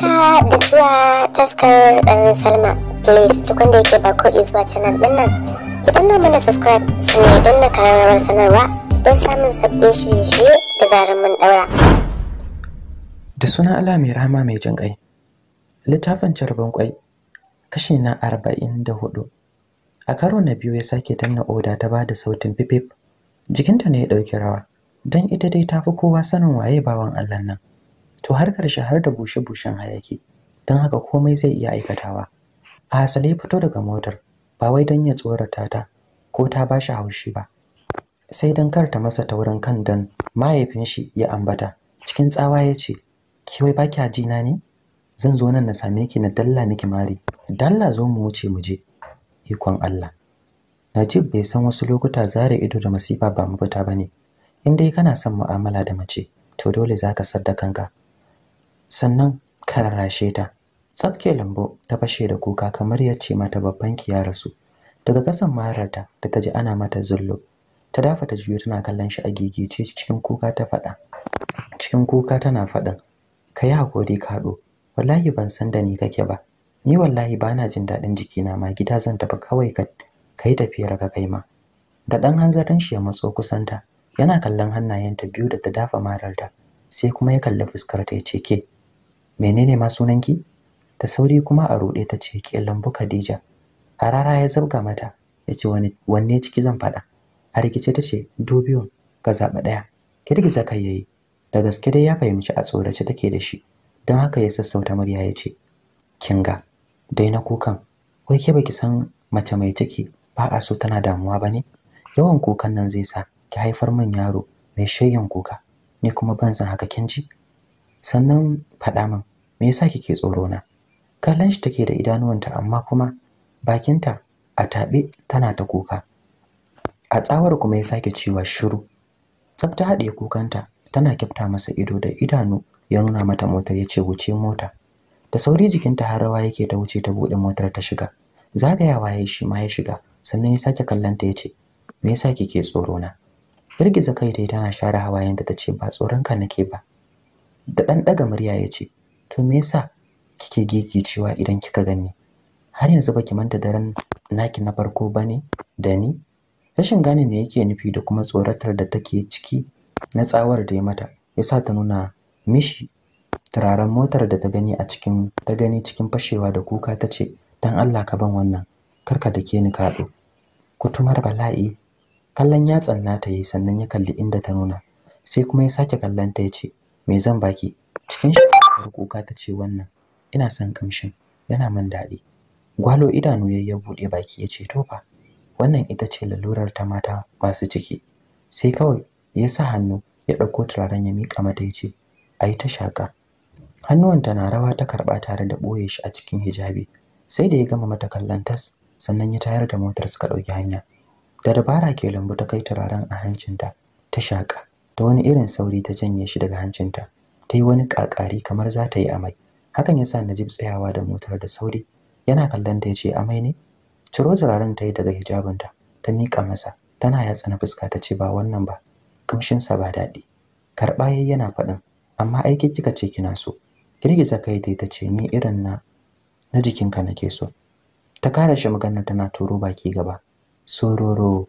haka da zuwa taskar dan salma please duk wanda yake ba ko zuwa canal din nan ki danna mana subscribe su ne don na kararrawar sanarwa don samun sabbin shirye-shirye da zarar mun daura da suna ala mai rama mai jin kai littafin carbon kwai kashi na arba'in da hudu a karo na biyu ya sake danna oda ta ba da sautin pipip jikinta ne ya ɗauki rawa don ita dai ta fi kowa sanin waye bawan allah nan to har karshe har da bushe-bushen hayaki don haka komai zai iya aikatawa a hasali fito daga motar ba wai don ya tsorata ta ko ta ba shi haushi ba sai don ta masa taurin kan don. mahaifin shi ya ambata cikin tsawa ya ce ki wai baki jina ne zan zo nan na same ki na dalla miki mari dalla zo mu wuce mu je ikon Allah Najib bai san wasu lokuta zare ido da masifa ba mafita ne. in dai kana son mu'amala da mace to dole zaka sadda kanka sannan ka rarrashe ta tsafke lambo ta fashe da kuka kamar yace mata babban ki ya rasu daga kasan mararta da ta ji ana mata zullo ta dafa ta juyo tana kallon shi a gigice cikin kuka ta faɗa cikin kuka tana faɗin ka yi ka kaɗo wallahi ban san da ni kake ba ni wallahi ba na jin daɗin jikina ma gida zan tafi kawai ka kai tafiyar ka kai ma da ɗan hanzarin shi ya matso kusanta yana kallon hannayenta biyu da ta dafa mararta sai kuma ya kalli fuskarta ya ce ke menene ma sunanki da sauri kuma a ruɗe ta ce ke lambu khadija harara ya zabga mata ya ce wanne ciki zan faɗa a rikice ta ce dubiyo ka zaɓa ɗaya girgiza kai yayi da gaske dai ya fahimci a tsorace take da shi don haka ya sassauta murya ya ce kinga daina kukan wai ke baki san mace mai ciki ba a so tana damuwa ba ne yawan kukan nan zai sa ki haifar min yaro mai shayyan kuka ni kuma ban san haka kin ji sannan faɗa min me yasa kike tsoro na kallon shi take da idanuwanta amma kuma bakinta a taɓe tana ta kuka a tsawar kuma ya sake cewa shiru tsafta haɗe kukanta tana kyafta masa ido da idanu ya nuna mata motar ya ce wuce mota da sauri jikinta har rawa yake ta wuce ta buɗe motar ta shiga zagayawa ya shi ma ya shiga sannan ya sake ta ya ce me yasa kike tsoro na girgiza kai dai tana share hawa yanda ta ce ba tsoronka nake ba da ɗan ɗaga murya ya ce to me yasa kike gigicewa idan kika gani har yanzu baki manta daren naki na farko bane da ni rashin gane me yake nufi da kuma tsoratar da take ciki na tsawar da ya mata yasa ta nuna mishi turaren motar da ta gani a cikin ta gani cikin fashewa da kuka ta ce dan Allah ka ban wannan kar ka dake ni kaɗo kutumar bala'i kallon yatsan ta yi sannan ya kalli inda ta nuna sai kuma ya sake kallon ta ya ce me zan baki cikin shi sabuwar kuka ta ce wannan ina son kamshin yana min daɗi gwalo idanu ya buɗe baki ya ce to fa wannan ita ce lalurar ta mata masu ciki sai kawai ya sa hannu ya ɗauko turaren ya miƙa mata ya ce a yi ta shaƙa hannuwanta na rawa ta karɓa tare da ɓoye shi a cikin hijabi sai da ya gama mata kallon tas sannan ya tayar da motar suka ɗauki hanya da dabara ke lambu ta kai turaren a hancinta ta shaƙa ta wani irin sauri ta janye shi daga hancinta ta yi wani ƙaƙari kamar za ta yi amai hakan ya sa najib tsayawa da motar da sauri yana kallon ta ya ce amai ne ciro turaren ta yi daga hijabinta ta miƙa masa tana yatsa na fuska ta ce ba wannan ba kamshinsa ba daɗi karɓa yayi yana faɗin amma aiki kika ce kina so girgiza kai dai ta ce ni irin na na jikinka nake so ta kare shi maganar tana turo baki gaba sororo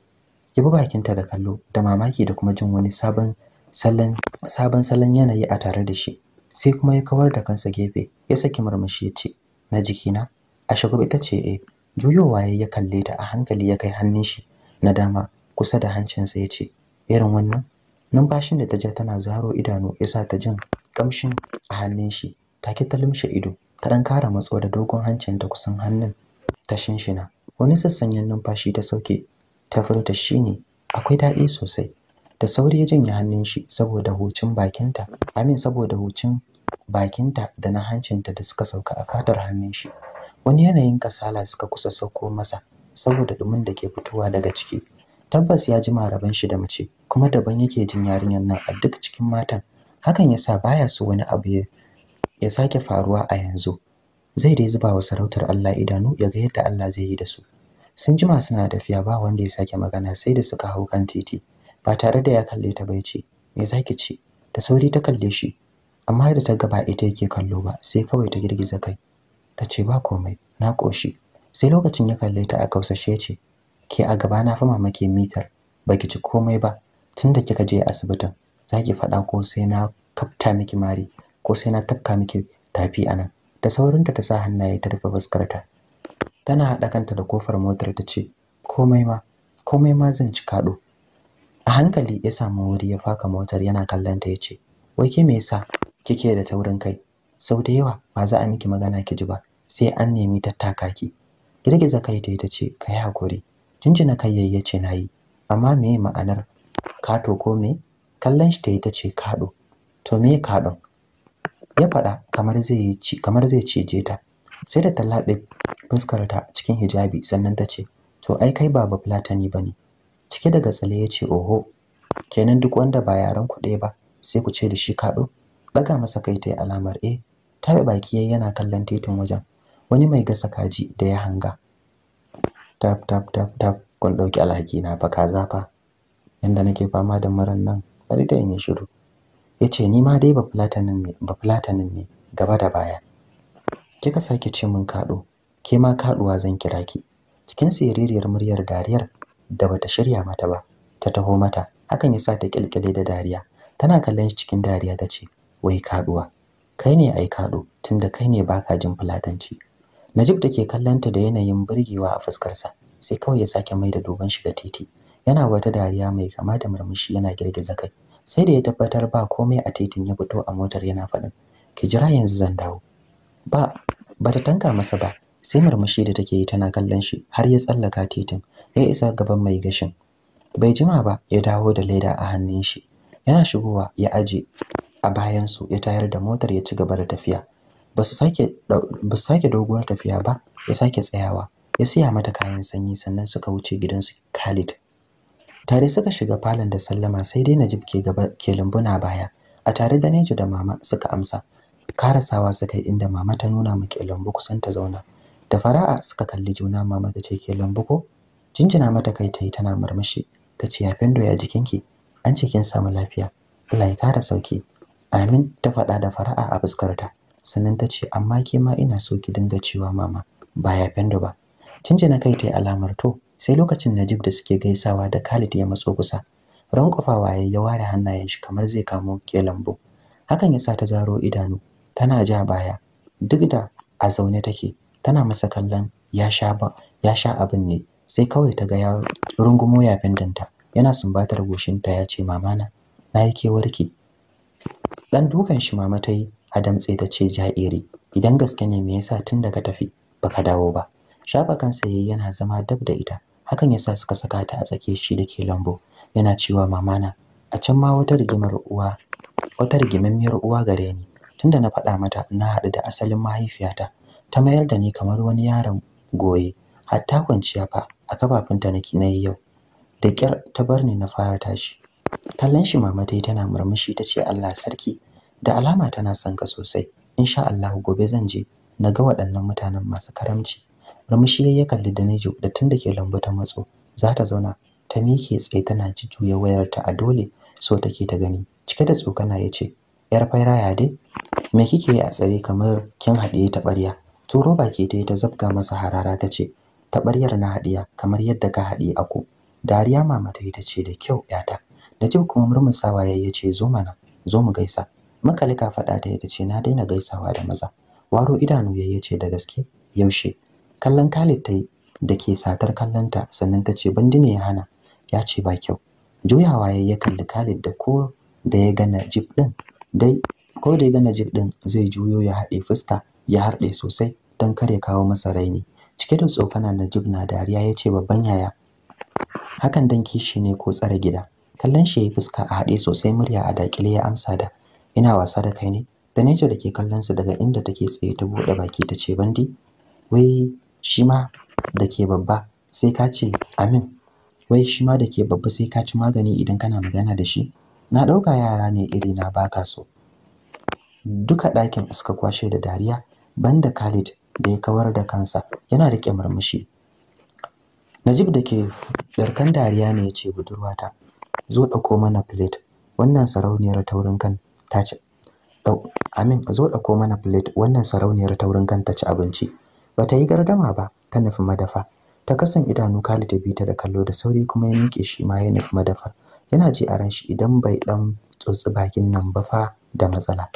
bi bakinta da kallo da mamaki da kuma jin wani sabon salon sabon salon yanayi a tare da shi sai kuma ya kawar da kansa gefe ya saki murmushi ya ce na jikina a shagwaba ita ce eh juyowa ya kalle ta a hankali ya kai hannun shi na dama kusa da hancinsa ya ce irin wannan numfashin da ta ja tana zaro idanu ya sa ta jin kamshin a hannun shi ta ta lumshe ido ta ɗan kara matso da dogon hancin ta kusan hannun ta shinshina wani sassanyen numfashi ta sauke ta furta shine akwai daɗi sosai da sauri ya janye hannun shi saboda hucin bakinta amin saboda hucin bakinta da na hancinta da suka sauka a fatar hannun shi wani yanayin kasala suka kusa sauko masa saboda dumin da ke fitowa daga ciki tabbas ya ji maraban shi da mace kuma daban yake jin yarinyar nan a duk cikin matan hakan yasa baya so wani abu ya sake faruwa a yanzu zai dai zuba wa sarautar Allah idanu ya ga yadda Allah zai yi da su sun jima suna tafiya ba wanda ya sake magana sai da suka hau kan titi ba tare da ya kalle ta bai ce me za ki ce? da sauri ta kalle shi amma da ta gaba ita yake kallo ba sai kawai ta girgiza kai ta ce ba komai na koshi sai lokacin ya kalle ta a kausashe ce ke a gaba na fa mamake mitar Ba ki ci komai ba tunda kika je asibitin za ki faɗa ko sai na kafta miki mari ko sai na tafka miki tafi nan. da saurinta ta sa hannaye ta rufe fuskarta tana haɗa kanta da kofar motar ta ce komai ma komai ma zan ci kaɗo a hankali ya samu wuri ya faka motar yana kallon ta yace wai ke me yasa kike da taurin kai sau da yawa ba za a miki magana ki ji ba sai an nemi tattaka ki girgiza kai ta tace kai hakuri jinjina kai yayi na nayi amma me ma'anar kato ko me kallon shi ta yi tace kado to me kadon ya faɗa kamar zai ci kamar zai cije ta sai da tallabe fuskarta fuskar ta cikin hijabi sannan ta ce to ai kai baba platani bane cike da gatsale ya ce oho kenan duk wanda ba yaran ku ɗaya ba sai ku ce da shi kaɗo ɗaga masa kai ta yi alamar e eh, taɓa baki yayi yana kallon titin wajen wani mai gasa kaji da ya hanga tap tap tap tap kun ɗauki alhaki na fa kaza fa yanda nake fama da murar nan bari da yin shiru ya ce ni ma dai ba fulatanin ne ba ne gaba da baya kika sake ce min kaɗo ke ma kaɗuwa zan kira ki cikin siririyar muryar dariyar da bata shirya mata ba ta taho mata hakan yasa ta kilkile da dariya tana kallon shi cikin dariya ta ce wai kaduwa kai ne ai kado tunda kai ne baka jin fulatanci Najib da ke kallonta da yanayin burgewa a fuskarsa sai kawai ya sake mai da duban shi ga titi yana wata dariya mai kama da murmushi yana girgiza kai sai da ya tabbatar ba komai a titin ya fito a motar yana faɗin ki jira yanzu zan dawo ba bata tanka masa ba sai murmushi da take yi tana kallon shi har ya tsallaka titin ya isa gaban mai gashin bai jima ba ya dawo da leda a hannun shi yana shigowa ya aje a bayansu ya tayar da motar ya ci gaba da tafiya ba su sake doguwar tafiya ba ya sake tsayawa ya siya mata kayan sanyi sannan suka wuce gidan su Khalid tare suka shiga falon da sallama sai dai Najib ke gaba ke lumbuna baya a tare da Nejo da mama suka amsa karasawa suka yi inda mama ta nuna miki lambu kusan ta zauna da fara'a suka kalli juna mama ta ce ke lambu ko jinjina mata kai ta yi tana murmushi ta ce ya fendo ya jikinki an ce kin samu lafiya Allah ya kara sauki amin ta faɗa da fara'a a fuskarta sannan ta ce amma ke ma ina so ki dinga cewa mama ba ya fendo ba jinjina kai ta yi alamar to sai lokacin Najib da suke gaisawa da Khalid ya matso kusa ran kwafawa ya ya ware hannayen shi kamar zai kamo ke lambu hakan ya sa ta zaro idanu tana ja baya duk da a zaune take tana masa kallon ya sha ba ya sha abin ne sai kawai ta ga ya rungumo yafin danta yana sumbatar goshinta ya ce mama na na yi kewarki dan dukan shi mama ta yi a damtse ta ce ja'iri idan gaske ne me yasa tun daga tafi baka dawo ba shafa kansa yayi yana zama dab da ita hakan yasa suka saka ta a tsake shi dake lambo yana cewa mama na a can ma wata rigimar uwa wata rigimar uwa gare ni tunda na faɗa mata na haɗu da asalin mahaifiyata ta mayar da ni kamar wani yaron goye hatta kwanciya fa a kafafunta nake na yi yau da kyar ta bar ni na fara tashi kallon shi mama tai tana murmushi ta ce Allah sarki da alama tana son ka sosai insha Allah gobe zan je na ga waɗannan mutanen masu karamci murmushi ya kalli da Nejo da tun da ke lambu ta matso za ta zauna ta miƙe tsaye tana jujjuya wayarta a dole so take ta gani cike da tsokana ya ce yar fairaya dai me kike yi a tsare kamar kin haɗe ta ɓarya turo baki ta yi ta zabga masa harara ta ce taɓaryar na haɗiya kamar yadda ka haɗi ako dariya mama ta yi ta ce da kyau yata Najib kuma murmusawa yayi ya ce zo mana zo mu gaisa makalika faɗa ta yi ta ce na daina gaisawa da maza waro idanu yayi ya ce da gaske yaushe kallon Khalid ta yi da ke satar kallonta sannan ta ce bandi ne ya hana ya ce ba kyau juyawa yayi ya kalli Khalid da ko da ya gana Najib din dai ko da ya ga Najib din zai juyo ya haɗe fuska ya harɗe sosai don kar kawo masa raini cike da tsokana najib na dariya ya ce babban yaya hakan dan kishi ne ko tsare gida kallon shi ya fuska a haɗe sosai murya a dakile ya amsa da ina wasa da kai ne Danejo da ke kallon su daga inda take tsaye ta buɗe baki ta ce bandi wai shi ma da ke babba sai ka ce amin wai shi ma da ke babba sai ka ci magani idan kana magana da shi na ɗauka yara ne iri na baka so duka ɗakin suka kwashe da dariya banda Khalid da ya kawar da kansa yana rike murmushi Najib da ke darkan dariya ne ya ce budurwata zo ɗauko mana plate wannan sarauniyar taurin kan ta ci amin zo ɗauko mana plate wannan sarauniyar taurin kan ta ci abinci bata yi gardama ba ta nufi madafa ta kasan idanu Khalid ya bi ta da kallo da sauri kuma ya miƙe shi ma ya nufi madafar yana ji a ran shi idan bai dan tsotsi bakin nan ba fa da matsala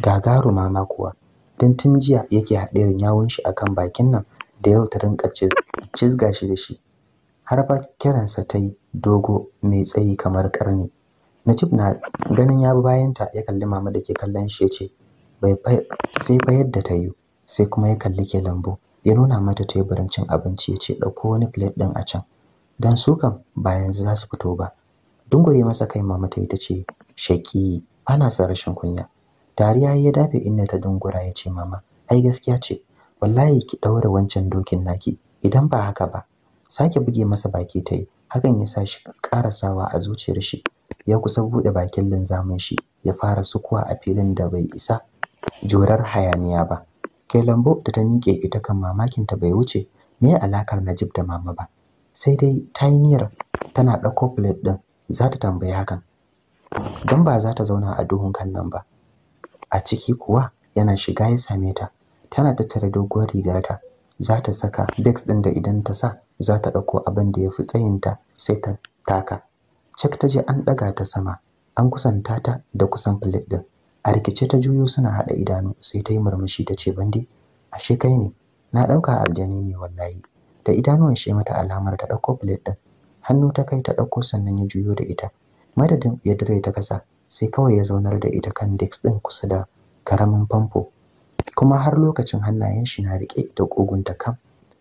gagaruma ma kuwa don tun jiya yake da yawun shi akan bakin nan da yau ta rinka cizga shi da shi har ba kiransa ta yi dogo mai tsayi kamar ƙarni najib na ganin ya bi bayanta ya kalli mama da ke kallon shi ya ce sai fa yadda ta yi sai kuma ya kalli ke lambu ya nuna mata teburin cin abinci ya ce ɗauko wani plate ɗin a can don su kam ba yanzu za su fito ba dungure masa kai mama ta yi ta ce shaƙi ana sa rashin kunya dariya ya dafe inna ta dungura ya ce mama ai gaskiya ce wallahi ki daura wancan dokin naki idan ba haka ba sake buge masa baki ta yi hakan ya sa shi karasawa a zuciyar shi ya kusa buɗe bakin linzamin shi ya fara sukuwa a filin da bai isa jorar hayaniya ba kai lambo da ta miƙe ita kan mamakin ta bai wuce me alakar Najib da mama ba sai dai ta yi niyyar tana ɗauko plate ɗin za ta tambayi hakan don ba za ta zauna a duhun kan nan ba a ciki kuwa yana shiga ya same ta tana tattara doguwar rigarta za ta saka dex ɗin da idan ta sa za ta ɗauko abin da ya fi ta sai ta taka cak ta je an ɗaga ta sama an kusanta ta da kusan filit ɗin a rikice ta juyo suna haɗa idanu sai ta yi murmushi ta ce bandi ashe kai ne na ɗauka aljani ne wallahi da idanuwan shi mata alamar ta ɗauko filit ɗin hannu ta kai ta ɗauko sannan ya juyo da ita madadin ya dire ta kasa sai kawai ya zaunar da ita kan dex ɗin kusa da karamin famfo kuma har lokacin hannayen shi na rike da da kam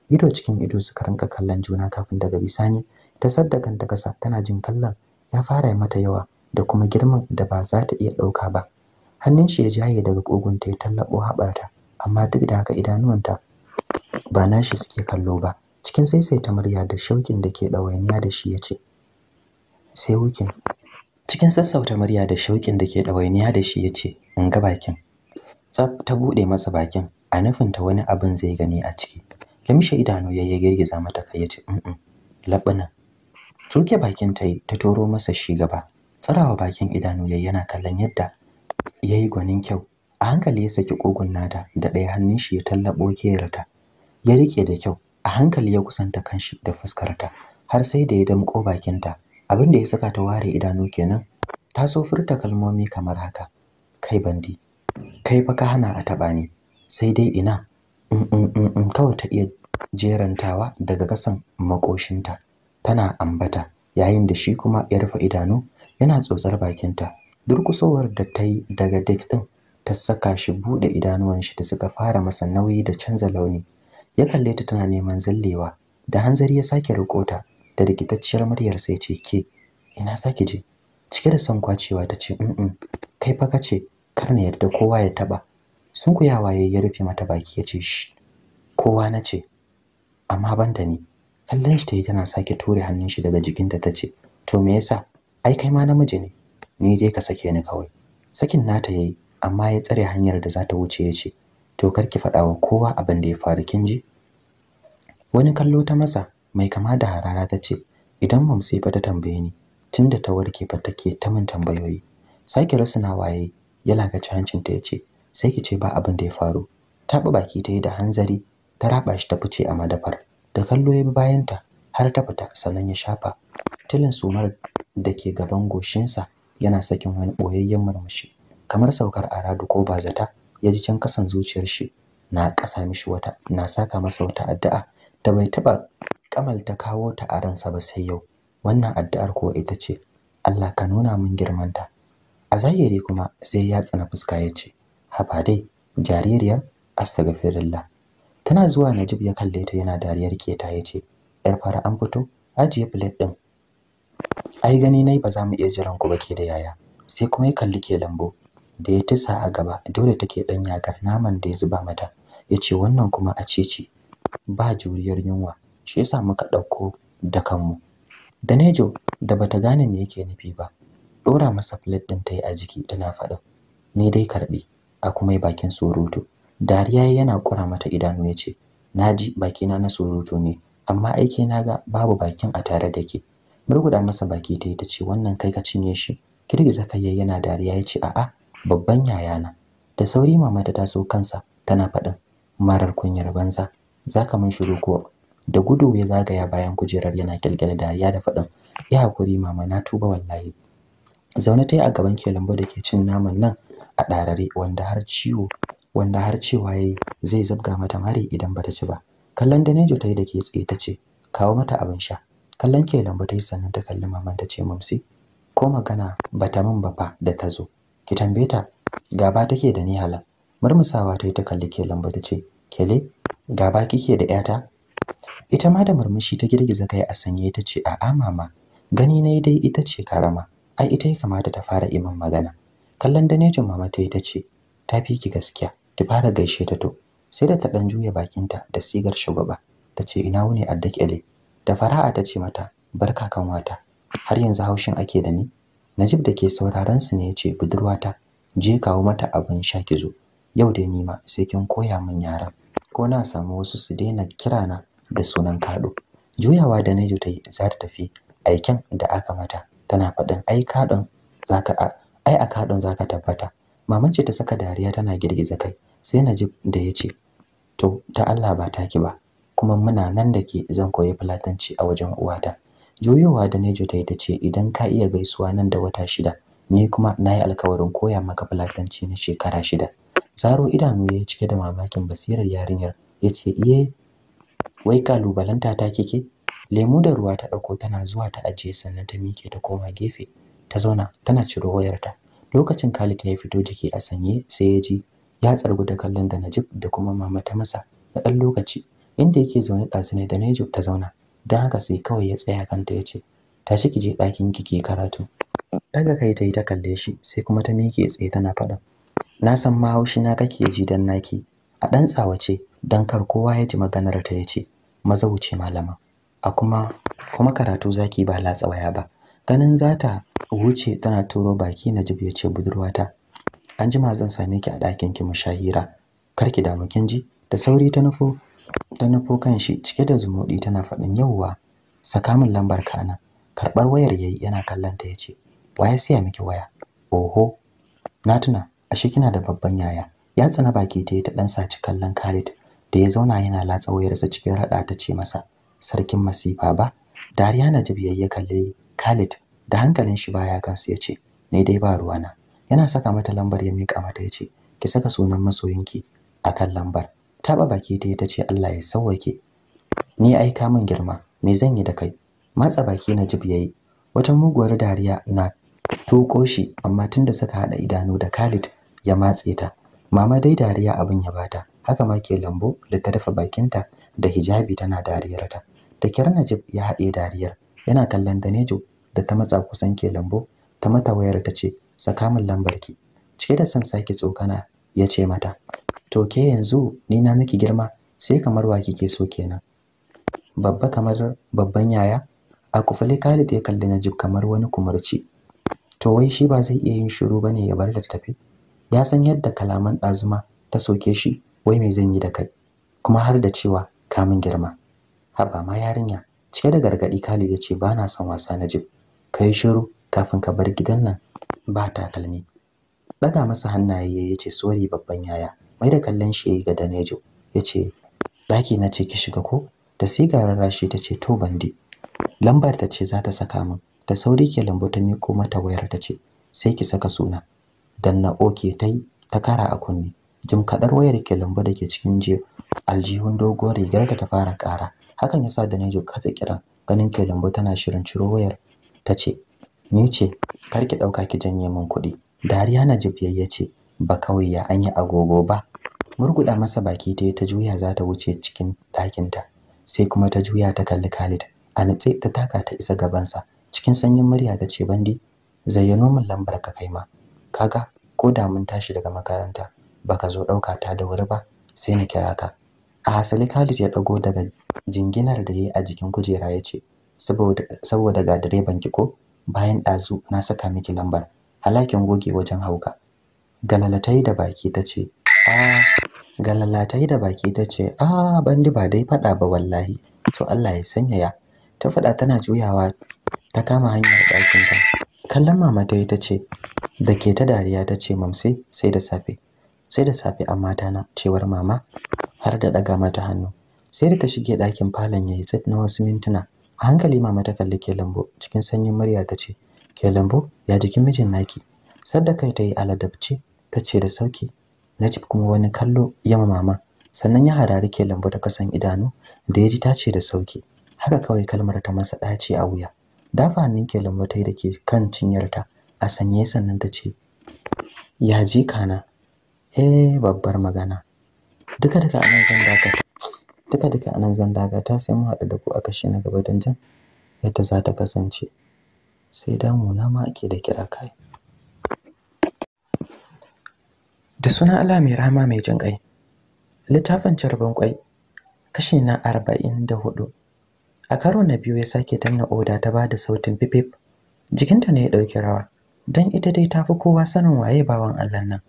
ido cikin ido suka rinka kallon juna kafin daga bisani ta sadda kanta kasa tana jin kallon ya fara mata yawa da kuma girman da ba za ta iya ɗauka ba hannun shi ya jaye daga ta ya tallabo haɓarta amma duk da haka idanuwanta ba nashi suke kallo ba cikin saisaita murya da shaukin da ke ɗawainiya da shi ya ce sai wukin cikin sassauta murya da shauƙin da ke ɗawainiya da shi ya ce in ga bakin tsaf ta buɗe masa bakin a nufinta wani abin zai gani a ciki lamshe idanu ya girgiza mata kai ya ce mm laɓuna tuke bakin ta yi, ta toro masa shi gaba tsarawa bakin idanu ya yana kallon yadda ya yi gwanin kyau a hankali ya saki kogon nata da ɗaya hannun shi ya tallabo kerata ya riƙe da kyau a hankali ya kusanta kanshi da fuskarta har sai da ya damƙo bakinta abin da ya saka ta ware idanu kenan ta so furta kalmomi kamar haka kai bandi kai fa ka hana a taba ni sai dai ina in in in kawai ta iya jerantawa daga kasan makoshinta tana ambata yayin da shi kuma ya rufe idanu yana tsotsar bakinta durkusowar da ta yi daga dek din ta saka shi bude idanuwan shi da suka fara masa nauyi da canza launi ya kalle ta tana neman zallewa da hanzari ya sake rikota da rikitacciyar muryar sai ce ke ina saki je cike da son kwacewa ta ce mm kai fa ka ce kar na yarda kowa ya taba yawa yayi ya rufe mata baki ya ce shi kowa na ce amma ban da ni kallon shi ta yi tana sake ture hannun shi daga jikinta ta ce to me yasa ai kai ma namiji ne ni dai ka sake ni kawai sakin nata yayi amma ya tsare hanyar da za ta wuce ya ce to kar ki faɗa wa kowa abin da ya faru kin ji wani kallo ta masa mai kama da harara ta ce idan mamsi ba ta tambaye ni tunda ta warke fa take ta min tambayoyi sake rasuna waye ya lagaci hancinta ya ce sai ki ce ba abin da ya faru ta bi baki ta yi da hanzari ta raɓa shi ta fice a madafar da kallo ya bi bayanta har ta fita sannan ya shafa tilin sumar da ke gaban goshinsa yana sakin wani boyayyen murmushi kamar saukar aradu ko bazata ya ji can kasan zuciyar shi na kasa mishi wata na saka masa wata addu'a da bai taɓa. Kamal ta kawo ta a ransa ba sai yau wannan addu'ar kuwa ita ce Allah ka nuna min girmanta a zahiri kuma sai ya tsana fuska ya ce haba dai jaririyar astaghfirullah tana zuwa Najib ya kalle ta yana dariyar keta ya ce yar fara an fito ajiye plate din ai gani nai ba za mu iya jiran ku ba ke da yaya sai kuma ya kalli ke lambo da ya tisa a gaba dole take dan yakar naman da ya zuba mata ya ce wannan kuma a ce ce ba juriyar yunwa shi yasa muka ɗauko da kanmu danejo da bata gane me yake nufi ba ɗora masa filet ɗin tayi a jiki tana faɗin ni dai karɓi a kuma bakin surutu dariya yana kura mata idanu ya ce na ji bakina na surutu ne amma aiki na ga babu bakin a tare da ke murguda masa baki ta yi ta ce wannan kai ka cinye shi girgiza kai yana dariya ya ce a'a babban yayana da sauri mama ta taso kansa tana faɗin marar kunyar banza za ka mun shiru ko da gudu ya zagaya bayan kujerar yana kyalkyala dariya da faɗin ya hakuri mama na tuba wallahi zaune ta a gaban kelambo da ke cin naman nan a ɗarare wanda har ciwo wanda har cewa yayi zai zabga mata mari idan bata ci ba kallon danejo ta yi da ke tsaye ta ce kawo mata abin sha kallon kelambo ta yi sannan ta kalli maman ta ce mamsi ko magana bata min ba fa da ta zo ki tambaye ta gaba take da ni halal murmusawa ta ta kalli kelambo ta ce kele gaba kike da 'yata ita ma da murmushi ta girgiza kai a sanye ta ce a'a mama gani na dai ita ce karama ai ita ya kamata ta fara iman magana kallon danejin mama ta yi ta ce ta fi ki gaskiya ki fara gaishe ta to sai da ta dan juya bakinta da sigar shugaba ta ce ina wuni a da kyale da fara'a ta ce mata barka kan wata har yanzu haushin ake da ni najib da ke sauraron su ne ya ce budurwata je kawo mata abin sha ki zo yau dai nima sai kin koya min yaran ko na samu wasu su daina kirana da sunan kaɗo juyawa da naijo ta yi za ta tafi aiken da aka mata tana faɗin ai kaɗon zaka ai a kaɗon zaka tabbata maman ce ta saka dariya tana girgiza kai sai najib da ya ce to ta Allah ba taki ba kuma muna nan da ke zan koyi fulatanci a wajen uwata juyowa da nejo ta yi ta ce idan ka iya gaisuwa nan da wata shida ni kuma na yi alkawarin koya maka fulatanci na shekara shida zaro idanu ya cike da mamakin basirar yarinyar ya ce iye wai kalubalanta ta kike lemu da ruwa ta ɗauko tana zuwa ta ajiye sannan ta miƙe ta koma gefe ta zauna tana ciro wayarta lokacin Khalid ya fito jiki a sanye sai ya ji ya tsargu da kallon da Najib da kuma mama ta masa na ɗan lokaci inda yake zaune ɗazu ne da Najib ta zauna don haka sai kawai ya tsaya kanta ya ce tashi ki je ɗakin ki karatu daga kai ta yi ta kalle shi sai kuma ta miƙe tsaye tana faɗa na san mahaushi na kake ji dan naki a ɗan tsawace Dan kar kowa ya ji maganar ta yace maza wuce malama a kuma kuma karatu zaki ba latsa waya ba ganin zata wuce tana turo baki Najib ya ce budurwata an jima zan same ki a ɗakin ki mushahira. kar ki damu kin ji da sauri ta nufo ta nufo kanshi cike da zumuɗi tana faɗin yauwa saka min lambar kana karɓar wayar yayi yana kallon ta yace waye siya miki waya oho na tuna ashe kina da babban yaya ya tsana baki ta yi ta ɗan saci kallon Khalid da ya zauna yana latsa wayarsa cikin raɗa ta ce masa sarkin masifa ba dariya na yayi ya kalli khalid da hankalin shi baya kansa ya ce ne dai ba ruwa na. yana saka mata lambar ya mika mata ya ce ki saka sunan masoyinki a kan lambar taɓa baki ta ta ce allah ya sauwake ni ai ka min girma me zan yi da kai matsa baki na jibiyayi wata muguwar dariya na toko shi amma tunda suka haɗa idanu da khalid ya matse ta mama dai dariya abin ya bata haka ma ke lambo da ta rufe bakinta da hijabi tana dariyarta da kyar najib ya haɗe dariyar yana kallon danejo da ta matsa kusan ke lambo ta mata wayar ta ce saka min lambarki cike da son sake tsokana ya ce mata to ke yanzu ni na miki girma sai kamar wa kike so kenan babba kamar babban yaya a kufale Khalid ya kalli Najib kamar wani kumurci to wai shi ba zai iya yin shiru bane ya bar ta tafi ya san yadda kalaman ɗazuma ta soke shi wai mai zan yi da kai kuma har da cewa kamun girma haba ma yarinya cike da gargaɗi Kali ya ce ba na son wasa na Najib ka yi shiru kafin ka bar gidan nan ba takalmi ɗaga masa hannaye ya ce sori babban yaya mai da kallon shi ga Danejo ya ce zaki na ce ki shiga ko da sigarar rashi ta ce to bandi lambar ta ce za ta saka min da sauri ke lambu ta miko mata wayar ta ce sai ki saka suna Dan na ta yi ta kara a kunne. Jim kadar wayar ke da ke cikin aljihun doguwar rigar da ta fara kara Hakan ya sa ka katse ran ganin Kelumba tana shirin ciro wayar. tace ce, Ni ce, kar ki ɗauka ki janye min kuɗi. Dariya ji ya ce, Ba kawai ya an yi agogo ba. Murguɗa masa baki ta yi ta juya za ta wuce cikin ɗakinta. Sai kuma ta juya ta kalli Khalid. A nitse ta taka ta isa gabansa. Cikin sanyin murya ta ce, Bandi, zayyano min lambar ka kai ma. kaga ko da mun tashi daga makaranta baka zo ɗauka ta da wuri ba sai na kira ka a hasali Khalid ya ɗago daga jinginar da yayi a jikin kujera ya ce saboda saboda ga direban ki ko bayan ɗazu na saka miki lambar halakin goge wajen hauka galalatai da baki ta ce a galalatai da baki ta ce a bandi ba dai faɗa ba wallahi to Allah ya sanyaya ta faɗa tana juyawa ta kama hanyar ɗakinta kallon mama ta yi ta ce da ke ta dariya ta ce Mamsi, sai da safe sai da safe amma tana cewar mama har da daga mata hannu sai da ta shige ɗakin falon ya yi tsit na wasu mintuna a hankali mama ta kalli ke lambo cikin sanyin murya ta ce ke lambo ya jikin mijin naki sadda kai ta yi aladabce ta ce da sauki ci kuma wani kallo yama mama sannan ya harari ke lambo ta kasan idanu da ya ji ta ce da sauki haka kawai kalmar ta masa ɗaci a wuya dafa hannun ke lambu ta yi da ke kan cinyarta a sanye sannan ta ce ya ji na? E, babbar magana duka duka anan zan dakata duka duka anan zan dakata sai mu haɗu da ku a kashe na gaba don jan yadda za ta kasance sai na ma ake da kira kai da suna Allah mai rama mai jin ƙai littafin carban ƙwai kashi na arba'in da hudu a karo na biyu ya sake danna oda ta ba da sautin pipip jikinta ne ya ɗauki rawa don ita dai ta fi kowa sanin waye bawan Allah nan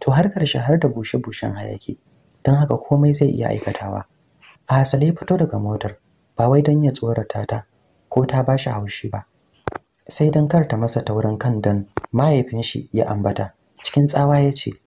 to har karshe har da bushe-bushen hayaki don haka komai zai iya aikatawa a hasale fito daga motar ba wai don ya tsorata ta ko ta ba shi haushi ba sai don ta masa taurin kan dan mahaifin shi ya ambata cikin tsawa ya ce